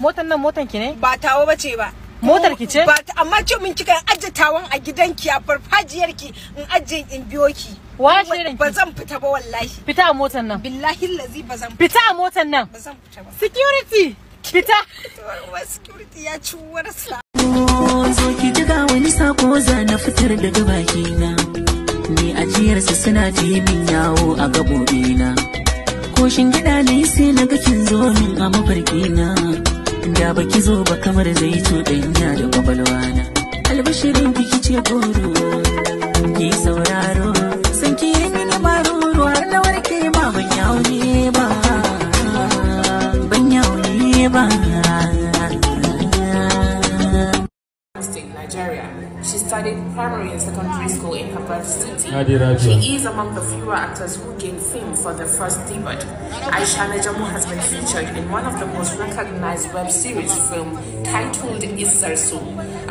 motan nan motan ki ne ba tawo bace ba motar ki ce amma ce min kika ajje tawon a gidanki a farfajiyar ki in ajje in biyo ki ba zan fita ba wallahi fita a motan nan billahi lazi ba zan fita a motan nan ba zan fita ba security fita security ya ci warsa zo ki jiga wani sako za na fitar daga bakina ni ajiyarsa suna je min yawo a gabobina koshin gida ne sai na ga kin zo min a mafarkina da baki zo ba kamar zai cuɗanya da kwakwalwana albashirin ki ce goro ki sauraro san ki mini maruru har na warke ba ban ne ba ban ne ba Nigeria. She studied primary and secondary school in her city. She is among the fewer actors who gained fame for their first debut. Aisha Najamu has been featured in one of the most recognized web series film titled Is